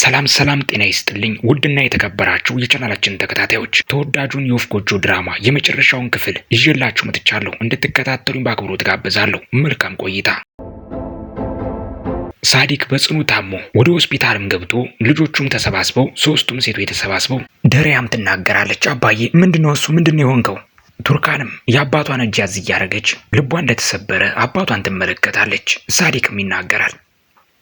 ሰላም ሰላም፣ ጤና ይስጥልኝ ውድና የተከበራችሁ የቻናላችን ተከታታዮች ተወዳጁን የወፍ ጎጆ ድራማ የመጨረሻውን ክፍል ይዤላችሁ መጥቻለሁ። እንድትከታተሉኝ በአክብሮት ጋብዛለሁ። መልካም ቆይታ። ሳዲክ በጽኑ ታሞ ወደ ሆስፒታልም ገብቶ ልጆቹም ተሰባስበው ሶስቱም ሴቶች ተሰባስበው ደሪያም ትናገራለች። አባዬ ምንድነው እሱ ምንድነው የሆንከው? ቱርካንም የአባቷን እጅ ያዝ እያደረገች ልቧ እንደተሰበረ አባቷን ትመለከታለች። ሳዲክም ይናገራል።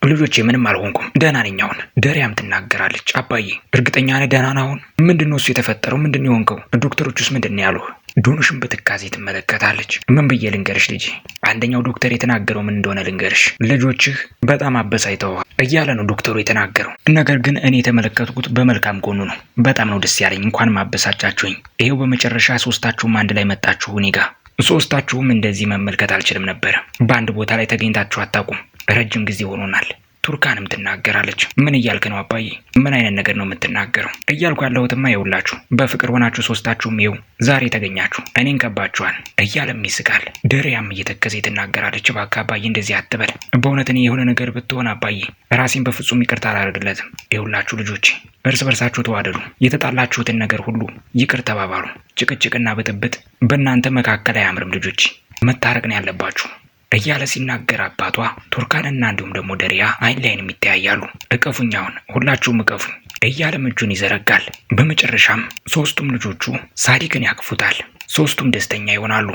ልጆቼ ምንም አልሆንኩም፣ ደህና ነኝ አሁን። ደሪያም ትናገራለች። አባዬ እርግጠኛ ነህ ደህና ነህ አሁን? ምንድን ነው እሱ የተፈጠረው? ምንድን ነው የሆንከው? ዶክተሮቹስ ምንድን ነው ያሉህ? ዶኖሽን በትካዜ ትመለከታለች። ምን ብዬ ልንገርሽ ልጄ፣ አንደኛው ዶክተር የተናገረው ምን እንደሆነ ልንገርሽ፣ ልጆችህ በጣም አበሳይተዋል እያለ ነው ዶክተሩ የተናገረው። ነገር ግን እኔ የተመለከትኩት በመልካም ጎኑ ነው። በጣም ነው ደስ ያለኝ። እንኳን አበሳጫችሁኝ። ይሄው በመጨረሻ ሶስታችሁም አንድ ላይ መጣችሁ እኔ ጋር ሶስታችሁም እንደዚህ መመልከት አልችልም ነበር። በአንድ ቦታ ላይ ተገኝታችሁ አታውቁም። ረጅም ጊዜ ሆኖናል። ቱርካንም ትናገራለች። ምን እያልክ ነው አባዬ? ምን አይነት ነገር ነው የምትናገረው? እያልኩ ያለሁትማ ይውላችሁ በፍቅር ሆናችሁ ሶስታችሁም ይው ዛሬ ተገኛችሁ፣ እኔን ከባችኋል እያለም ይስቃል። ድሪያም እየተከዘ ትናገራለች። እባክህ አባዬ እንደዚህ አትበል። በእውነት እኔ የሆነ ነገር ብትሆን አባዬ ራሴን በፍጹም ይቅርታ አላደርግለትም። ይውላችሁ ልጆቼ እርስ በርሳችሁ ተዋደዱ። የተጣላችሁትን ነገር ሁሉ ይቅር ተባባሉ። ጭቅጭቅና ብጥብጥ በእናንተ መካከል አያምርም ልጆች፣ መታረቅ ነው ያለባችሁ። እያለ ሲናገር አባቷ ቱርካንና እንዲሁም ደግሞ ደሪያ አይን ላይን ይተያያሉ። እቀፉኛውን ሁላችሁም እቀፉኝ እያለም እጁን ይዘረጋል። በመጨረሻም ሶስቱም ልጆቹ ሳዲቅን ያቅፉታል። ሶስቱም ደስተኛ ይሆናሉ።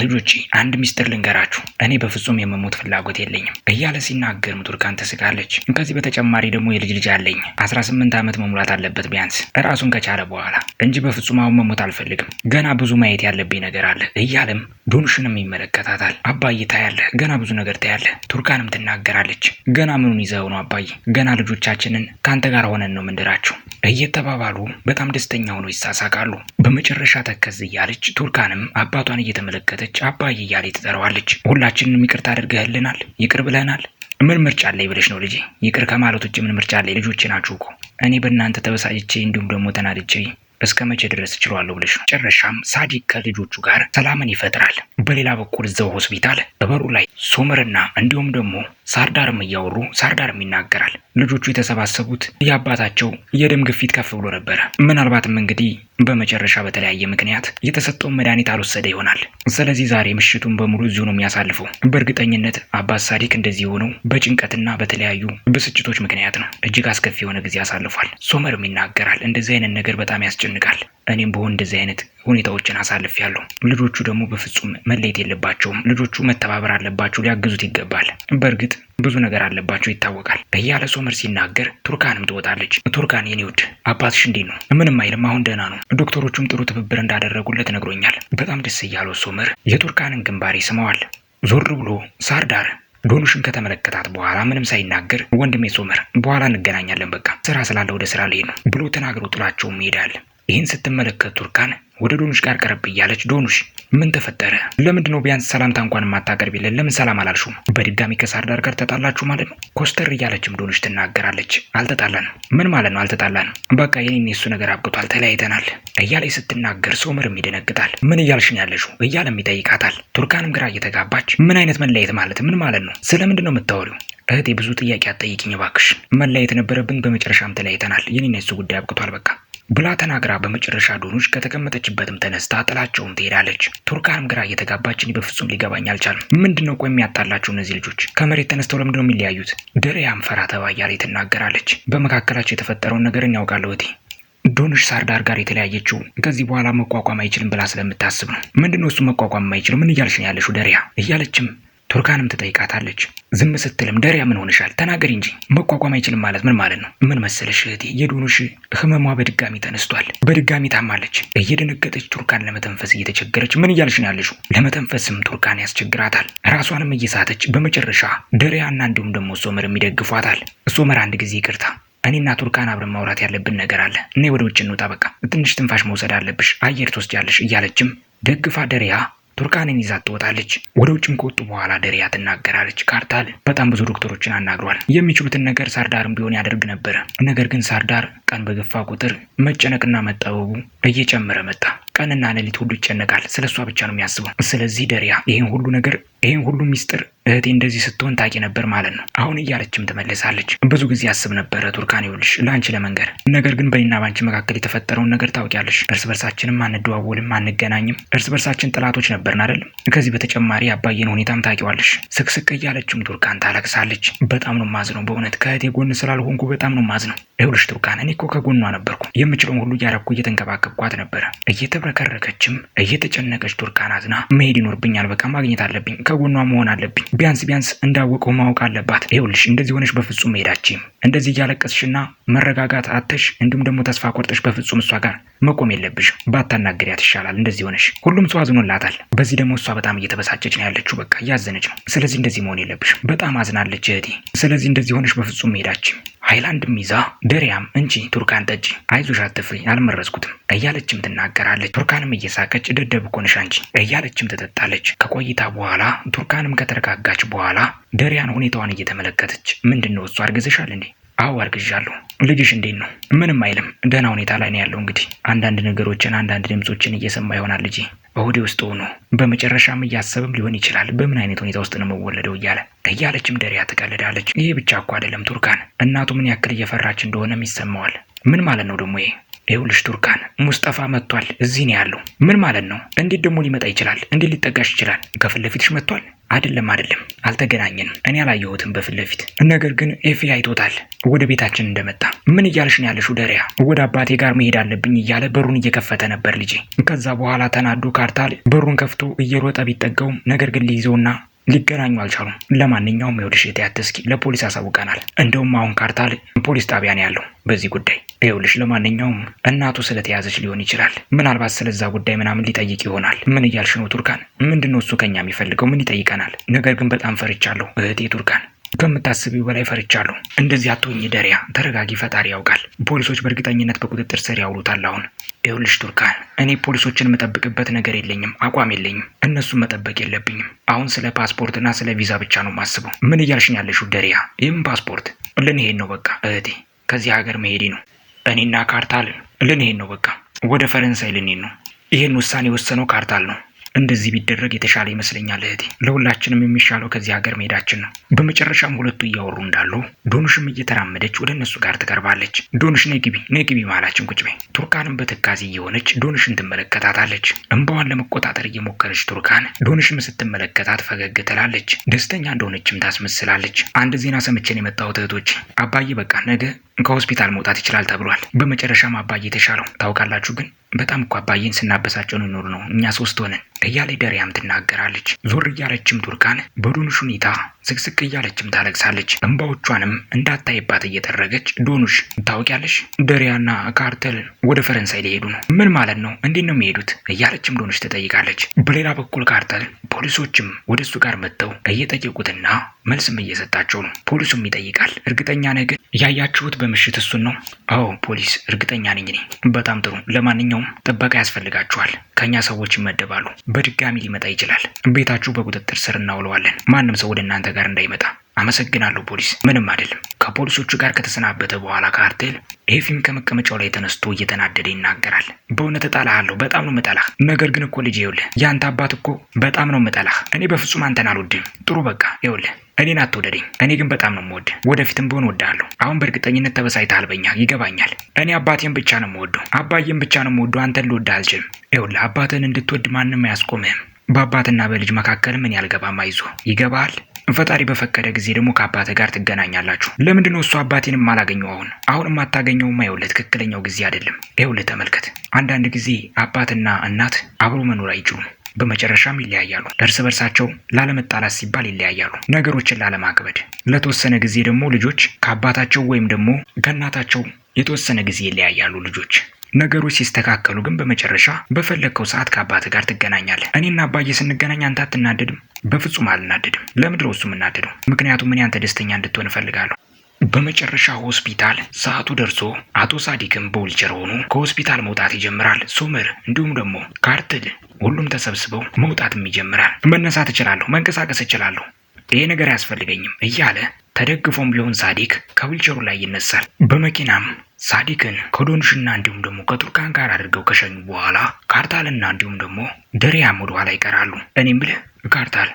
ልጆቼ አንድ ሚስጥር ልንገራችሁ፣ እኔ በፍጹም የመሞት ፍላጎት የለኝም እያለ ሲናገር ምቱርካን ትስቃለች። ከዚህ በተጨማሪ ደግሞ የልጅ ልጅ አለኝ። 18 ዓመት መሙላት አለበት ቢያንስ ራሱን ከቻለ በኋላ እንጂ በፍጹም አሁን መሞት አልፈልግም። ገና ብዙ ማየት ያለብኝ ነገር አለ እያለም ዶንሽንም ይመለከታታል። አባዬ ታያለ ገና ብዙ ነገር ታያለ። ቱርካንም ትናገራለች። ገና ምኑን ይዘው ነው አባዬ? ገና ልጆቻችንን ከአንተ ጋር ሆነን ነው ምንድራችሁ እየተባባሉ በጣም ደስተኛ ሆኖ ይሳሳቃሉ። በመጨረሻ ተከዝ እያለች ቱርካንም አባቷን እየተመለከተች አባዬ እያለ ትጠራዋለች። ሁላችንንም ይቅርታ አድርገህልናል፣ ይቅር ብለናል። ምን ምርጫ አለኝ ብለሽ ነው ልጄ? ይቅር ከማለት ውጭ ምን ምርጫ አለኝ? ልጆቼ ናችሁ እኮ እኔ በእናንተ ተበሳጭቼ እንዲሁም ደግሞ ተናድቼ እስከ መቼ ድረስ እችላለሁ ብለሽ ነው። መጨረሻም ሳዲቅ ከልጆቹ ጋር ሰላምን ይፈጥራል። በሌላ በኩል እዛው ሆስፒታል በበሩ ላይ ሶመርና እንዲሁም ደግሞ ሳርዳርም እያወሩ ሳርዳርም ይናገራል። ልጆቹ የተሰባሰቡት የአባታቸው የደም ግፊት ከፍ ብሎ ነበረ። ምናልባትም እንግዲህ በመጨረሻ በተለያየ ምክንያት የተሰጠውን መድኃኒት አልወሰደ ይሆናል። ስለዚህ ዛሬ ምሽቱን በሙሉ እዚሁ ነው የሚያሳልፈው። በእርግጠኝነት አባት ሳዲቅ እንደዚህ የሆነው በጭንቀትና በተለያዩ ብስጭቶች ምክንያት ነው። እጅግ አስከፊ የሆነ ጊዜ አሳልፏል። ሶመርም ይናገራል። እንደዚህ አይነት ነገር በጣም ያስጨንቃል። እኔም በሆን እንደዚህ አይነት ሁኔታዎችን አሳልፍ ያለሁ። ልጆቹ ደግሞ በፍጹም መለየት የለባቸውም። ልጆቹ መተባበር አለባቸው፣ ሊያግዙት ይገባል። በእርግጥ ብዙ ነገር አለባቸው ይታወቃል። በያለ ሶመር ሲናገር ቱርካንም ትወጣለች። ቱርካን የኔ ውድ አባትሽ እንዴት ነው? ምንም አይልም፣ አሁን ደህና ነው። ዶክተሮቹም ጥሩ ትብብር እንዳደረጉለት ነግሮኛል። በጣም ደስ እያለው ሶመር የቱርካንን ግንባር ይስመዋል። ዞር ብሎ ሳርዳር ዶኑሽን ከተመለከታት በኋላ ምንም ሳይናገር ወንድሜ ሶመር በኋላ እንገናኛለን፣ በቃ ስራ ስላለ ወደ ስራ ልሄድ ነው ብሎ ተናግሮ ጥላቸውም ይሄዳል። ይህን ስትመለከት ቱርካን ወደ ዶኑሽ ጋር ቀረብ እያለች ዶኑሽ ምን ተፈጠረ? ለምንድነው ነው ቢያንስ ሰላምታ እንኳን የማታቀርቢልን? ለምን ሰላም አላልሹም? በድጋሚ ከሳር ዳር ጋር ተጣላችሁ ማለት ነው? ኮስተር እያለችም ዶኑሽ ትናገራለች። አልተጣላንም። ምን ማለት ነው አልተጣላንም? በቃ የኔ የሱ ነገር አብቅቷል፣ ተለያይተናል እያለች ስትናገር ሶመርም ይደነግጣል። ምን እያልሽን ያለሹ እያለም ይጠይቃታል። ቱርካንም ግራ እየተጋባች ምን አይነት መለያየት ማለት ምን ማለት ነው? ስለምንድን ነው የምታወሪው? እህቴ ብዙ ጥያቄ አትጠይቂኝ እባክሽ። መለያየት ነበረብን፣ በመጨረሻም ተለያይተናል። የኔ የሱ ጉዳይ አብቅቷል በቃ ብላ ተናግራ በመጨረሻ ዶኖች ከተቀመጠችበትም ተነስታ ጥላቸውም ትሄዳለች። ቱርካንም ግራ እየተጋባች እኔ በፍጹም ሊገባኝ አልቻለም። ምንድነው ቆይ የሚያጣላቸው እነዚህ ልጆች? ከመሬት ተነስተው ነው የሚለያዩት? ደሪያም ፈራ ተባ ትናገራለች። በመካከላቸው የተፈጠረውን ነገር እናውቃለሁ እቴ ዶንሽ ሳርዳር ጋር የተለያየችው ከዚህ በኋላ መቋቋም አይችልም ብላ ስለምታስብ ነው። ምንድነው እሱ መቋቋም አይችልም? ምን እያልሽ ነው ያለሽው ደሪያ? እያለችም ቱርካንም ትጠይቃታለች። ዝም ስትልም ደሪያ ምን ሆንሻል? ተናገሪ እንጂ መቋቋም አይችልም ማለት ምን ማለት ነው? ምን መሰለሽ እህቴ፣ የዶኖሽ ህመሟ በድጋሚ ተነስቷል። በድጋሚ ታማለች። እየደነገጠች ቱርካን ለመተንፈስ እየተቸገረች ምን እያልሽ ነው ያለሽው? ለመተንፈስም ቱርካን ያስቸግራታል። ራሷንም እየሳተች በመጨረሻ ደሪያና እንዲሁም ደግሞ ሶመርም ይደግፏታል። ሶመር አንድ ጊዜ ይቅርታ እኔና ቱርካን አብረን ማውራት ያለብን ነገር አለ። እኔ ወደ ውጭ እንውጣ፣ በቃ ትንሽ ትንፋሽ መውሰድ አለብሽ፣ አየር ትወስጃለሽ እያለችም ደግፋ ደሪያ ቱርካንን ይዛ ትወጣለች። ወደ ውጭም ከወጡ በኋላ ደሪያ ትናገራለች። ካርታል በጣም ብዙ ዶክተሮችን አናግሯል። የሚችሉትን ነገር ሳርዳርም ቢሆን ያደርግ ነበረ። ነገር ግን ሳርዳር ቀን በገፋ ቁጥር መጨነቅና መጠበቡ እየጨመረ መጣ። ቀንና ሌሊት ሁሉ ይጨነቃል። ስለ እሷ ብቻ ነው የሚያስበው። ስለዚህ ደሪያ ይህን ሁሉ ነገር ይህን ሁሉ ሚስጥር እህቴ እንደዚህ ስትሆን ታቂ ነበር ማለት ነው። አሁን እያለችም ትመልሳለች። ብዙ ጊዜ አስብ ነበረ ቱርካን፣ ይኸውልሽ ለአንቺ ለመንገር ነገር ግን በኔና በአንቺ መካከል የተፈጠረውን ነገር ታውቂያለሽ። እርስ በርሳችንም አንደዋወልም፣ አንገናኝም። እርስ በርሳችን ጥላቶች ነበርን አይደለም? ከዚህ በተጨማሪ አባዬን ሁኔታም ታውቂዋለሽ። ስቅስቅ እያለችም ቱርካን ታለቅሳለች። በጣም ነው ማዝነው በእውነት ከእህቴ ጎን ስላልሆንኩ በጣም ነው ማዝነው። ይኸውልሽ ቱርካን፣ እኔ እኮ ከጎኗ ነበርኩ። የምችለውን ሁሉ እያረኩ እየተንከባከብኳት ነበረ እየተብረከረከችም እየተጨነቀች ቱርካን አዝና መሄድ ይኖርብኛል፣ በቃ ማግኘት አለብኝ፣ ከጎኗ መሆን አለብኝ፣ ቢያንስ ቢያንስ እንዳወቀው ማወቅ አለባት። ይኸውልሽ እንደዚህ ሆነሽ በፍጹም መሄዳችም እንደዚህ እያለቀስሽና መረጋጋት አተሽ እንዲሁም ደግሞ ተስፋ ቆርጠሽ በፍጹም እሷ ጋር መቆም የለብሽም። ባታናግሪያት ይሻላል። እንደዚህ ሆነሽ ሁሉም ሰው አዝኖላታል። በዚህ ደግሞ እሷ በጣም እየተበሳጨች ነው ያለችው። በቃ እያዘነች ነው። ስለዚህ እንደዚህ መሆን የለብሽ፣ በጣም አዝናለች እህቴ። ስለዚህ እንደዚህ ሆነሽ በፍጹም መሄዳችም ሀይላንድም ይዛ ደሪያም እንጂ ቱርካን ጠጪ፣ አይዞሽ አትፍሪ፣ አልመረዝኩትም እያለችም ትናገራለች። ቱርካንም እየሳቀች ደደብ እኮ ነሽ አንቺ እያለችም ትጠጣለች። ከቆይታ በኋላ ቱርካንም ከተረጋጋች በኋላ ደሪያን ሁኔታዋን እየተመለከተች ምንድን ነው እሱ አርግዝሻል እንዴ? አዎ አርግዣለሁ። ልጅሽ እንዴት ነው? ምንም አይልም፣ ደህና ሁኔታ ላይ ነው ያለው። እንግዲህ አንዳንድ ነገሮችን አንዳንድ ድምፆችን እየሰማ ይሆናል ልጄ እሁዴ ውስጥ ሆኖ በመጨረሻም እያሰብም ሊሆን ይችላል በምን አይነት ሁኔታ ውስጥ ነው መወለደው እያለ እያለችም ደሪያ ትቀልዳለች። ይሄ ብቻ እኮ አይደለም ቱርካን፣ እናቱ ምን ያክል እየፈራች እንደሆነም ይሰማዋል። ምን ማለት ነው ደግሞ ይሄ? ይኸውልሽ ቱርካን ሙስጠፋ መጥቷል። እዚህ ነው ያለው። ምን ማለት ነው? እንዴት ደግሞ ሊመጣ ይችላል? እንዴት ሊጠጋሽ ይችላል? ከፊት ለፊትሽ መጥቷል? አይደለም፣ አይደለም፣ አልተገናኘንም። እኔ አላየሁትም በፊት ለፊት ነገር ግን ኤፍ አይቶታል ወደ ቤታችን እንደመጣ። ምን እያልሽ ነው ያለሽው? ደሪያ ወደ አባቴ ጋር መሄድ አለብኝ እያለ በሩን እየከፈተ ነበር ልጄ። ከዛ በኋላ ተናዶ ካርታል በሩን ከፍቶ እየሮጠ ቢጠጋውም ነገር ግን ሊይዘውና ሊገናኙ አልቻሉም። ለማንኛውም ይኸውልሽ እቴ አትስኪ ለፖሊስ አሳውቀናል። እንደውም አሁን ካርታል ፖሊስ ጣቢያን ያለው በዚህ ጉዳይ። ይኸውልሽ ለማንኛውም እናቱ ስለተያዘች ሊሆን ይችላል። ምናልባት ስለዛ ጉዳይ ምናምን ሊጠይቅ ይሆናል። ምን እያልሽ ነው ቱርካን? ምንድነው እሱ ከኛ የሚፈልገው? ምን ይጠይቀናል? ነገር ግን በጣም ፈርቻለሁ እህቴ ቱርካን ከምታስቢው በላይ ፈርቻለሁ። እንደዚህ አትሆኚ ደሪያ፣ ተረጋጊ። ፈጣሪ ያውቃል። ፖሊሶች በእርግጠኝነት በቁጥጥር ስር ያውሉታል። አሁን ይኸውልሽ ቱርካን፣ እኔ ፖሊሶችን የምጠብቅበት ነገር የለኝም፣ አቋም የለኝም። እነሱን መጠበቅ የለብኝም። አሁን ስለ ፓስፖርትና ስለ ቪዛ ብቻ ነው የማስበው። ምን እያልሽኝ ያለሽው ደሪያ? ይህም ፓስፖርት ልንሄድ ነው በቃ እህቴ፣ ከዚህ ሀገር መሄድ ነው። እኔና ካርታል ልንሄድ ነው በቃ ወደ ፈረንሳይ ልንሄድ ነው። ይህን ውሳኔ የወሰነው ካርታል ነው። እንደዚህ ቢደረግ የተሻለ ይመስለኛል እህቴ። ለሁላችንም የሚሻለው ከዚህ ሀገር መሄዳችን ነው። በመጨረሻም ሁለቱ እያወሩ እንዳሉ ዶኑሽም እየተራመደች ወደ እነሱ ጋር ትቀርባለች። ዶኑሽ ነይ ግቢ፣ ነይ ግቢ ማላችን ቁጭ በይ። ቱርካንም በትካዜ እየሆነች ዶኑሽን ትመለከታታለች። እንባዋን ለመቆጣጠር እየሞከረች ቱርካን ዶኑሽም ስትመለከታት ፈገግ ትላለች። ደስተኛ እንደሆነችም ታስመስላለች። አንድ ዜና ሰምቼን የመጣሁት እህቶች አባዬ በቃ ነገ ከሆስፒታል መውጣት ይችላል ተብሏል። በመጨረሻም አባዬ የተሻለው ታውቃላችሁ፣ ግን በጣም እኮ አባዬን ስናበሳቸው ነው ኖር ነው እኛ ሶስት ሆነን እያለ ደሪያም ትናገራለች። ዞር እያለችም ቱርካን በዱንሽ ሁኔታ ዝግዝግ እያለችም ታለቅሳለች። እንባዎቿንም እንዳታይባት እየጠረገች ዶኑሽ ታውቂያለሽ፣ ደሪያና ካርተል ወደ ፈረንሳይ ሊሄዱ ነው። ምን ማለት ነው? እንዴት ነው የሚሄዱት? እያለችም ዶኑሽ ትጠይቃለች። በሌላ በኩል ካርተል ፖሊሶችም ወደ እሱ ጋር መጥተው እየጠየቁትና መልስም እየሰጣቸው ነው። ፖሊሱም ይጠይቃል። እርግጠኛ ነገር ያያችሁት በምሽት እሱን ነው? አዎ ፖሊስ፣ እርግጠኛ ነኝ እኔ። በጣም ጥሩ። ለማንኛውም ጥበቃ ያስፈልጋችኋል። ከእኛ ሰዎች ይመደባሉ። በድጋሚ ሊመጣ ይችላል። ቤታችሁ በቁጥጥር ስር እናውለዋለን። ማንም ሰው ወደ እናንተ ጋር እንዳይመጣ። አመሰግናለሁ ፖሊስ። ምንም አይደለም። ከፖሊሶቹ ጋር ከተሰናበተ በኋላ ካርቴል ኤፊም ከመቀመጫው ላይ ተነስቶ እየተናደደ ይናገራል። በእውነት እጠላሃለሁ፣ በጣም ነው የምጠላህ። ነገር ግን እኮ ልጅ ይኸውልህ፣ ያንተ አባት እኮ በጣም ነው የምጠላህ። እኔ በፍጹም አንተን አልወድም። ጥሩ በቃ ይኸውልህ፣ እኔን አትወደደኝ። እኔ ግን በጣም ነው የምወድህ፣ ወደፊትም በሆን ወዳለሁ አሁን በእርግጠኝነት ተበሳጭተሃል በኛ፣ ይገባኛል። እኔ አባቴን ብቻ ነው የምወደው፣ አባዬን ብቻ ነው የምወደው። አንተን ልወድህ አልችልም። ይኸውልህ፣ አባትህን እንድትወድ ማንም አያስቆምህም። በአባትና በልጅ መካከል ምን ያልገባ ማይዞ ይገባሃል። ፈጣሪ በፈቀደ ጊዜ ደግሞ ከአባተ ጋር ትገናኛላችሁ። ለምንድን ነው እሱ አባቴንም አላገኘው? አሁን አሁን የማታገኘው ማየውለ ትክክለኛው ጊዜ አይደለም። ይኸውልህ ተመልከት፣ አንዳንድ ጊዜ አባትና እናት አብሮ መኖር አይችሉም። በመጨረሻም ይለያያሉ። እርስ በርሳቸው ላለመጣላት ሲባል ይለያያሉ። ነገሮችን ላለማክበድ ለተወሰነ ጊዜ ደግሞ ልጆች ከአባታቸው ወይም ደግሞ ከእናታቸው የተወሰነ ጊዜ ይለያያሉ ልጆች ነገሮች ሲስተካከሉ ግን በመጨረሻ በፈለግከው ሰዓት ከአባት ጋር ትገናኛለህ። እኔና አባዬ ስንገናኝ አንተ አትናደድም? በፍጹም አልናደድም። ለምድረው እሱ የምናደደው ምክንያቱም እኔ አንተ ደስተኛ እንድትሆን እፈልጋለሁ። በመጨረሻ ሆስፒታል ሰዓቱ ደርሶ አቶ ሳዲክም በውልቸር ሆኖ ከሆስፒታል መውጣት ይጀምራል። ሶመር እንዲሁም ደግሞ ካርትል ሁሉም ተሰብስበው መውጣትም ይጀምራል። መነሳት እችላለሁ፣ መንቀሳቀስ እችላለሁ፣ ይሄ ነገር አያስፈልገኝም እያለ ተደግፎም ቢሆን ሳዲክ ከዊልቸሩ ላይ ይነሳል። በመኪናም ሳዲክን ከዶንሽና እንዲሁም ደግሞ ከቱርካን ጋር አድርገው ከሸኙ በኋላ ካርታልና እንዲሁም ደግሞ ደሪያም ወደ ኋላ ይቀራሉ። እኔም ብልህ ካርታል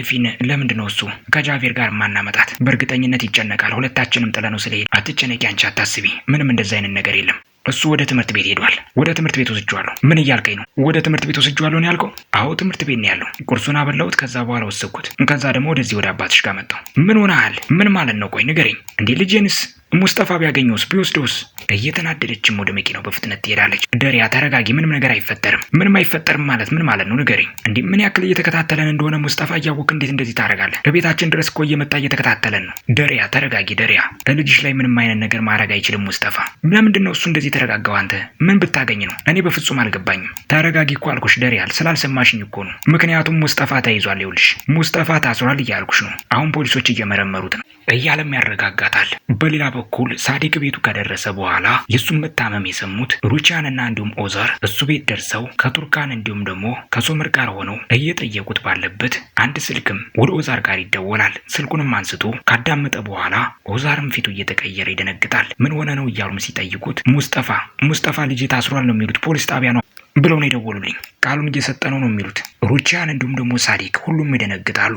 ኤፊን ለምንድን ነው እሱ ከጃቬር ጋር ማናመጣት? በእርግጠኝነት ይጨነቃል። ሁለታችንም ጥለነው ስለሄድ አትጨነቂ፣ አንቺ አታስቢ፣ ምንም እንደዚ አይነት ነገር የለም። እሱ ወደ ትምህርት ቤት ሄዷል። ወደ ትምህርት ቤት ወስጄዋለሁ። ምን እያልከኝ ነው? ወደ ትምህርት ቤት ወስጄዋለሁ ነው ያልከው? አዎ ትምህርት ቤት ነው ያለው። ቁርሱን አበላሁት። ከዛ በኋላ ወሰድኩት። ከዛ ደግሞ ወደዚህ ወደ አባትሽ ጋር መጣሁ። ምን ሆነሃል? ምን ማለት ነው? ቆይ ንገረኝ እንዴ ልጄንስ ሙስጠፋ ቢያገኘውስ ቢወስደውስ? እየተናደደችም ወደ መኪናው በፍጥነት ትሄዳለች። ደሪያ ተረጋጊ፣ ምንም ነገር አይፈጠርም። ምንም አይፈጠርም ማለት ምን ማለት ነው? ንገሪኝ። እንዲህ ምን ያክል እየተከታተለን እንደሆነ ሙስጠፋ እያወቅ እንዴት እንደዚህ ታደርጋለህ? ቤታችን ድረስ እኮ እየመጣ እየተከታተለን ነው። ደሪያ ተረጋጊ። ደሪያ ልጅሽ ላይ ምንም አይነት ነገር ማድረግ አይችልም ሙስጠፋ። ለምንድን ነው እሱ እንደዚህ የተረጋጋው? አንተ ምን ብታገኝ ነው? እኔ በፍጹም አልገባኝም። ተረጋጊ እኮ አልኩሽ ደሪያል፣ ስላልሰማሽኝ እኮ ነው። ምክንያቱም ሙስጠፋ ተይዟል። ይኸውልሽ ሙስጠፋ ታስሯል እያልኩሽ ነው። አሁን ፖሊሶች እየመረመሩት ነው እያለም ያረጋጋታል። በሌላ በኩል ሳዲቅ ቤቱ ከደረሰ በኋላ የእሱን መታመም የሰሙት ሩቻንና እንዲሁም ኦዛር እሱ ቤት ደርሰው ከቱርካን እንዲሁም ደግሞ ከሶመር ጋር ሆነው እየጠየቁት ባለበት አንድ ስልክም ወደ ኦዛር ጋር ይደወላል። ስልኩንም አንስቶ ካዳመጠ በኋላ ኦዛርም ፊቱ እየተቀየረ ይደነግጣል። ምን ሆነ ነው እያሉም ሲጠይቁት ሙስጠፋ ሙስጠፋ ልጅ ታስሯል ነው የሚሉት ፖሊስ ጣቢያ ነው ብለው ነው የደወሉልኝ። ቃሉን እየሰጠ ነው ነው የሚሉት ሩቻን እንዲሁም ደግሞ ሳዲቅ ሁሉም ይደነግጣሉ።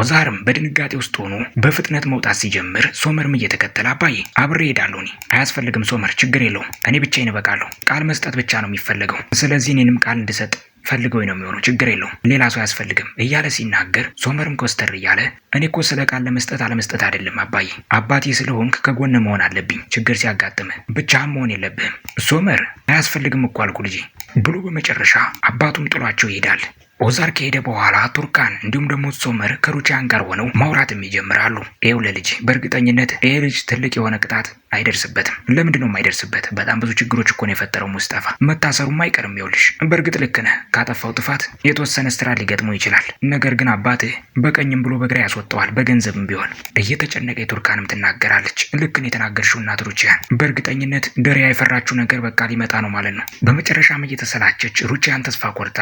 ኦዛርም በድንጋጤ ውስጥ ሆኖ በፍጥነት መውጣት ሲጀምር ሶመርም እየተከተለ አባዬ አብሬ እሄዳለሁ እኔ አያስፈልግም ሶመር ችግር የለውም እኔ ብቻዬን እበቃለሁ ቃል መስጠት ብቻ ነው የሚፈለገው ስለዚህ እኔንም ቃል እንድሰጥ ፈልገው ነው የሚሆነው ችግር የለውም ሌላ ሰው አያስፈልግም እያለ ሲናገር ሶመርም ኮስተር እያለ እኔ እኮ ስለ ቃል ለመስጠት አለመስጠት አይደለም አባዬ አባቴ ስለሆንክ ከጎን መሆን አለብኝ ችግር ሲያጋጥም ብቻህን መሆን የለብህም ሶመር አያስፈልግም እኮ አልኩ ልጄ ብሎ በመጨረሻ አባቱም ጥሏቸው ይሄዳል ኦዛር ከሄደ በኋላ ቱርካን እንዲሁም ደግሞ ሶመር ከሩቻን ጋር ሆነው ማውራትም ይጀምራሉ። ይኸው ለልጅ በእርግጠኝነት ይህ ልጅ ትልቅ የሆነ ቅጣት አይደርስበትም። ለምንድን ነው የማይደርስበት? በጣም ብዙ ችግሮች እኮ ነው የፈጠረው ሙስጠፋ። መታሰሩም አይቀርም። ይኸውልሽ በእርግጥ ልክ ነህ። ካጠፋው ጥፋት የተወሰነ ስራ ሊገጥመው ይችላል። ነገር ግን አባትህ በቀኝም ብሎ በግራ ያስወጠዋል፣ በገንዘብም ቢሆን እየተጨነቀ የቱርካንም ትናገራለች። ልክ ነው የተናገርሽው እናት ሩቺያን። በእርግጠኝነት ደሪያ የፈራችው ነገር በቃ ሊመጣ ነው ማለት ነው። በመጨረሻም እየተሰላቸች ሩቺያን ተስፋ ቆርጣ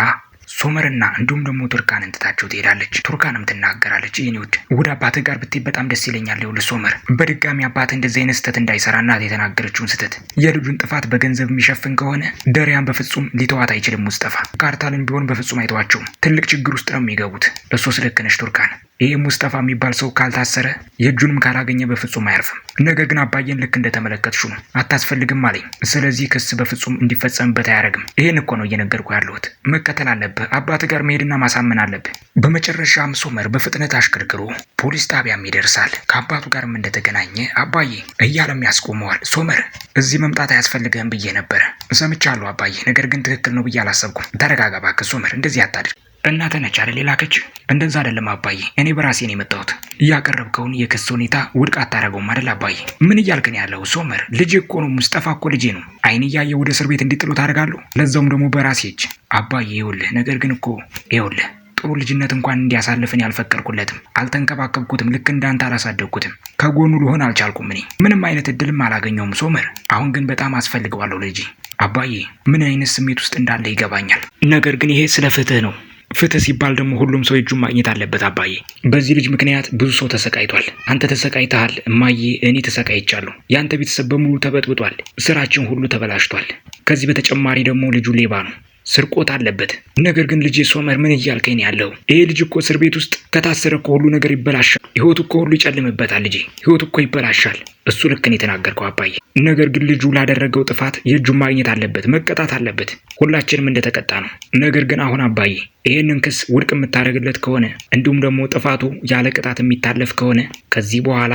ሶመርና እንዲሁም ደግሞ ቱርካን እንትታቸው ትሄዳለች። ቱርካንም ትናገራለች፣ ይህኔ ውድ ውድ አባትህ ጋር ብትሄድ በጣም ደስ ይለኛል። ይኸውልህ ሶመር፣ በድጋሚ አባትህ እንደዚህ አይነት ስህተት እንዳይሰራ እናት የተናገረችውን ስህተት የልጁን ጥፋት በገንዘብ የሚሸፍን ከሆነ ደሪያን በፍጹም ሊተዋት አይችልም። ሙስጠፋ ካርታልን ቢሆን በፍጹም አይተዋቸውም። ትልቅ ችግር ውስጥ ነው የሚገቡት። እሱ ልክ ነሽ ቱርካን ይህ ሙስጠፋ የሚባል ሰው ካልታሰረ የእጁንም ካላገኘ በፍጹም አያርፍም። ነገር ግን አባዬን ልክ እንደተመለከትሹ ነው፣ አታስፈልግም አለኝ። ስለዚህ ክስ በፍጹም እንዲፈጸምበት አያደርግም። ይህን እኮ ነው እየነገርኩ ያለሁት። መከተል አለብህ። አባት ጋር መሄድና ማሳመን አለብህ። በመጨረሻም ሶመር በፍጥነት አሽከርክሮ ፖሊስ ጣቢያም ይደርሳል። ከአባቱ ጋርም እንደተገናኘ አባዬ እያለም ያስቆመዋል። ሶመር እዚህ መምጣት አያስፈልግህም ብዬ ነበረ። ሰምቻለሁ አባዬ፣ ነገር ግን ትክክል ነው ብዬ አላሰብኩም። ተረጋጋ እባክህ ሶመር፣ እንደዚህ አታድርግ። እናተ ነች አይደል የላከች? እንደዛ አይደለም አባዬ፣ እኔ በራሴ ነው የመጣሁት። ያቀረብከውን የክስ ሁኔታ ውድቅ አታደርገውም አይደል አባዬ? ምን ነው ያለው ሶመር? ልጅ እኮ ነው፣ ሙስጠፋ እኮ ልጄ ነው። አይን እያየ ወደ እስር ቤት እንዲጥሉ ታደርጋለሁ? ለዛውም ደግሞ በራሴ እጅ። አባዬ ይኸውልህ፣ ነገር ግን እኮ ይኸውልህ ጥሩ ልጅነት እንኳን እንዲያሳልፍን ያልፈቀድኩለትም፣ አልተንከባከብኩትም። ልክ እንዳንተ አላሳደግኩትም። ከጎኑ ልሆን አልቻልኩም። እኔ ምንም አይነት እድልም አላገኘውም ሶመር። አሁን ግን በጣም አስፈልገዋለሁ ልጅ። አባዬ ምን አይነት ስሜት ውስጥ እንዳለ ይገባኛል። ነገር ግን ይሄ ስለ ፍትህ ነው ፍትህ ሲባል ደግሞ ሁሉም ሰው እጁን ማግኘት አለበት። አባዬ በዚህ ልጅ ምክንያት ብዙ ሰው ተሰቃይቷል። አንተ ተሰቃይተሃል እማዬ፣ እኔ ተሰቃይቻለሁ። የአንተ ቤተሰብ በሙሉ ተበጥብጧል። ስራችን ሁሉ ተበላሽቷል። ከዚህ በተጨማሪ ደግሞ ልጁ ሌባ ነው። ስርቆት አለበት። ነገር ግን ልጄ ሶመር ምን እያልከኝ ያለው? ይሄ ልጅ እኮ እስር ቤት ውስጥ ከታሰረ እኮ ሁሉ ነገር ይበላሻል። ህይወቱ እኮ ሁሉ ይጨልምበታል። ልጄ ህይወቱ እኮ ይበላሻል። እሱ ልክ ነው የተናገርከው አባዬ። ነገር ግን ልጁ ላደረገው ጥፋት የእጁን ማግኘት አለበት፣ መቀጣት አለበት። ሁላችንም እንደተቀጣ ነው። ነገር ግን አሁን አባዬ ይህንን ክስ ውድቅ የምታደርግለት ከሆነ እንዲሁም ደግሞ ጥፋቱ ያለ ቅጣት የሚታለፍ ከሆነ ከዚህ በኋላ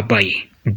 አባዬ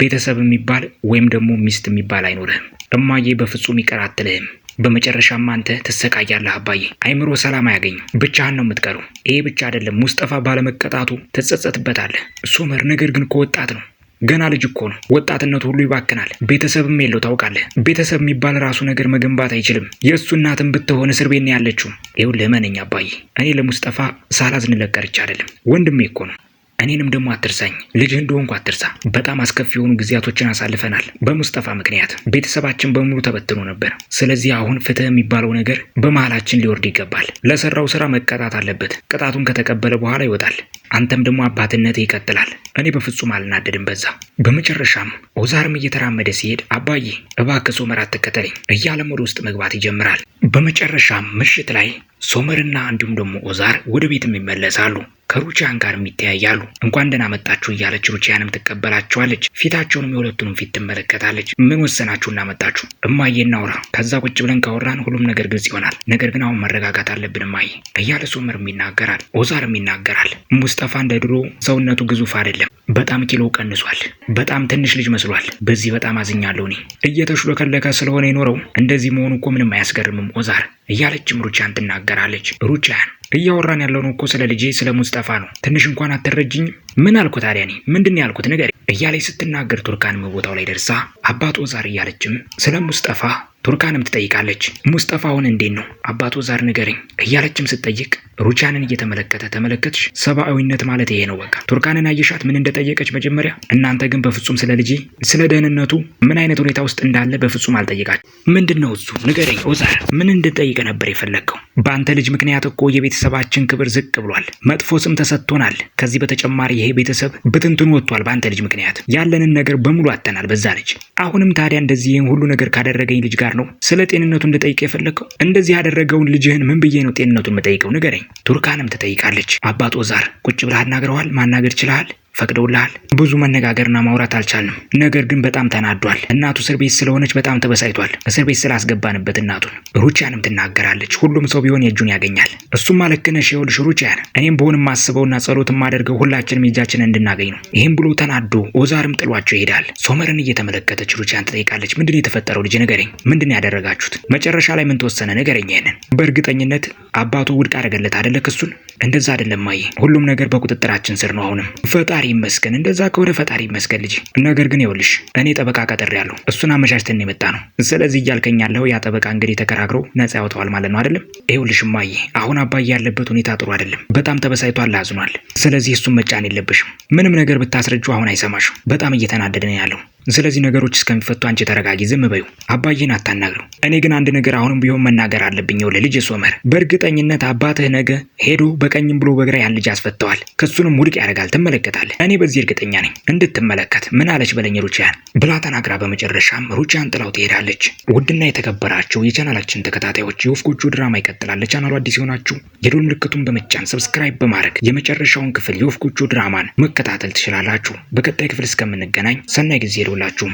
ቤተሰብ የሚባል ወይም ደግሞ ሚስት የሚባል አይኖርህም። እማዬ በፍጹም ይቅር አትልህም። በመጨረሻም አንተ ትሰቃያለህ አባዬ። አይምሮ ሰላም አያገኝም። ብቻህን ነው የምትቀሩ። ይሄ ብቻ አይደለም፣ ሙስጠፋ ባለመቀጣቱ ትጸጸትበታለህ ሶመር። ነገር ግን ከወጣት ነው ገና ልጅ እኮ ነው። ወጣትነቱ ሁሉ ይባክናል። ቤተሰብም የለው ታውቃለህ። ቤተሰብ የሚባል ራሱ ነገር መገንባት አይችልም። የእሱ እናትም ብትሆን እስር ቤት ነው ያለችው። ይኸውልህ እመነኝ አባዬ፣ እኔ ለሙስጠፋ ሳላዝንለት ቀርቼ አይደለም። ወንድሜ እኮ ነው። እኔንም ደግሞ አትርሳኝ፣ ልጅህ እንደሆንኩ አትርሳ። በጣም አስከፊ የሆኑ ጊዜያቶችን አሳልፈናል። በሙስጠፋ ምክንያት ቤተሰባችን በሙሉ ተበትኖ ነበር። ስለዚህ አሁን ፍትህ የሚባለው ነገር በመሀላችን ሊወርድ ይገባል። ለሰራው ስራ መቀጣት አለበት። ቅጣቱን ከተቀበለ በኋላ ይወጣል። አንተም ደግሞ አባትነት ይቀጥላል። እኔ በፍጹም አልናደድም በዛ። በመጨረሻም ኦዛርም እየተራመደ ሲሄድ አባዬ እባክህ ሶመር አትከተለኝ እያለም ወደ ውስጥ መግባት ይጀምራል። በመጨረሻም ምሽት ላይ ሶመርና እንዲሁም ደግሞ ኦዛር ወደ ቤትም ይመለሳሉ። ከሩቺያን ጋርም ይተያያሉ። እንኳን ደህና መጣችሁ እያለች ሩቺያንም ትቀበላቸዋለች። ፊታቸውንም የሁለቱንም ፊት ትመለከታለች። ምን ወሰናችሁ እናመጣችሁ? እማዬ እናውራ። ከዛ ቁጭ ብለን ካወራን ሁሉም ነገር ግልጽ ይሆናል። ነገር ግን አሁን መረጋጋት አለብን እማዬ እያለ ሶመርም ይናገራል። ኦዛርም ይናገራል። ሙስጠፋ እንደ ድሮ ሰውነቱ ግዙፍ አይደለም። በጣም ኪሎ ቀንሷል። በጣም ትንሽ ልጅ መስሏል። በዚህ በጣም አዝኛለሁ እኔ እየተሽሎከለከ ስለሆነ የኖረው እንደዚህ መሆኑ እኮ ምንም አያስገርምም ኦዛር እያለችም ሩቺያን ትናገራለች። ሩቺያን እያወራን ያለው ነው እኮ ስለ ልጄ ስለ ሙስጠፋ ነው። ትንሽ እንኳን አትረጅኝ? ምን አልኩ ታዲያ? እኔ ምንድን ያልኩት? ንገሪ እያለች ስትናገር ቱርካንም ቦታው ላይ ደርሳ አባቶ ዛር እያለችም ስለ ሙስጠፋ ቱርካንም ትጠይቃለች። ሙስጠፋውን እንዴት ነው አባቱ ዛር ንገረኝ እያለችም ስትጠይቅ ሩቻንን እየተመለከተ ተመለከትሽ፣ ሰብአዊነት ማለት ይሄ ነው በቃ። ቱርካንን አየሻት ምን እንደጠየቀች መጀመሪያ? እናንተ ግን በፍጹም ስለ ልጄ ስለ ደህንነቱ ምን አይነት ሁኔታ ውስጥ እንዳለ በፍጹም አልጠየቃችሁ። ምንድን ነው እሱ ንገረኝ ኦዛር፣ ምን እንድጠይቅ ነበር የፈለግከው? በአንተ ልጅ ምክንያት እኮ የቤተሰባችን ክብር ዝቅ ብሏል፣ መጥፎ ስም ተሰጥቶናል። ከዚህ በተጨማሪ ይሄ ቤተሰብ ብትንትን ወጥቷል። በአንተ ልጅ ምክንያት ያለንን ነገር በሙሉ አጥተናል በዛ ልጅ። አሁንም ታዲያ እንደዚህ ይህን ሁሉ ነገር ካደረገኝ ልጅ ጋር ጋር ነው ስለ ጤንነቱ እንደጠይቀ የፈለግከው? እንደዚህ ያደረገውን ልጅህን ምን ብዬ ነው ጤንነቱን መጠይቀው? ንገረኝ። ቱርካንም ትጠይቃለች። አባ ዛር ቁጭ ብለህ አናግረዋል? ማናገር ችለሃል? ፈቅደውልሃል? ብዙ መነጋገርና ማውራት አልቻልንም። ነገር ግን በጣም ተናዷል። እናቱ እስር ቤት ስለሆነች በጣም ተበሳይቷል። እስር ቤት ስላስገባንበት እናቱን። ሩቺያንም ትናገራለች። ሁሉም ሰው ቢሆን የእጁን ያገኛል። እሱም አለክነሽ ይኸውልሽ ሩቺያን፣ እኔም ብሆን የማስበውና ጸሎት የማደርገው ሁላችንም የእጃችንን እንድናገኝ ነው። ይህም ብሎ ተናዶ ኦዛርም ጥሏቸው ይሄዳል። ሶመርን እየተመለከተች ሩቺያን ትጠይቃለች። ምንድን የተፈጠረው ልጅ ንገረኝ። ምንድን ያደረጋችሁት? መጨረሻ ላይ ምን ተወሰነ? ንገረኝ ይሄንን። በእርግጠኝነት አባቱ ውድቅ አደረገለት አደለ ክሱን እንደዛ አይደለም ማየ፣ ሁሉም ነገር በቁጥጥራችን ስር ነው። አሁንም ፈጣሪ ይመስገን። እንደዛ ከወደ ፈጣሪ ይመስገን ልጅ። ነገር ግን ይኸውልሽ እኔ ጠበቃ ቀጥሬ ያለው እሱን አመቻችተን የመጣ ነው። ስለዚህ እያልከኝ ያለው ያ ጠበቃ እንግዲህ ተከራክሮ ነጻ ያወጣዋል ማለት ነው አይደለም? ይኸውልሽ ማየ፣ አሁን አባዬ ያለበት ሁኔታ ጥሩ አይደለም። በጣም ተበሳይቷል፣ አዝኗል። ስለዚህ እሱን መጫን የለብሽም። ምንም ነገር ብታስረጁ አሁን አይሰማሽም። በጣም እየተናደደ ነው ያለው። ስለዚህ ነገሮች እስከሚፈቱ አንቺ ተረጋጊ፣ ዝም በዩ፣ አባዬን አታናግረው። እኔ ግን አንድ ነገር አሁንም ቢሆን መናገር አለብኝ። ይኸውልህ ልጅ ሶመር፣ በእርግጠኝነት አባትህ ነገ ሄዶ በቀኝም ብሎ በግራ ያን ልጅ አስፈተዋል። ክሱንም ውድቅ ያደርጋል። ትመለከታለህ። እኔ በዚህ እርግጠኛ ነኝ። እንድትመለከት ምን አለች በለኝ ሩቺያን ብላ ተናግራ በመጨረሻም ሩቺያን ጥላው ትሄዳለች። ውድና የተከበራችሁ የቻናላችን ተከታታዮች የወፍ ጎጆ ድራማ ይቀጥላል። ለቻናሉ አዲስ የሆናችሁ የዶል ምልክቱን በመጫን ሰብስክራይብ በማድረግ የመጨረሻውን ክፍል የወፍ ጎጆ ድራማን መከታተል ትችላላችሁ። በቀጣይ ክፍል እስከምንገናኝ ሰናይ ጊዜ ይሁንላችሁ።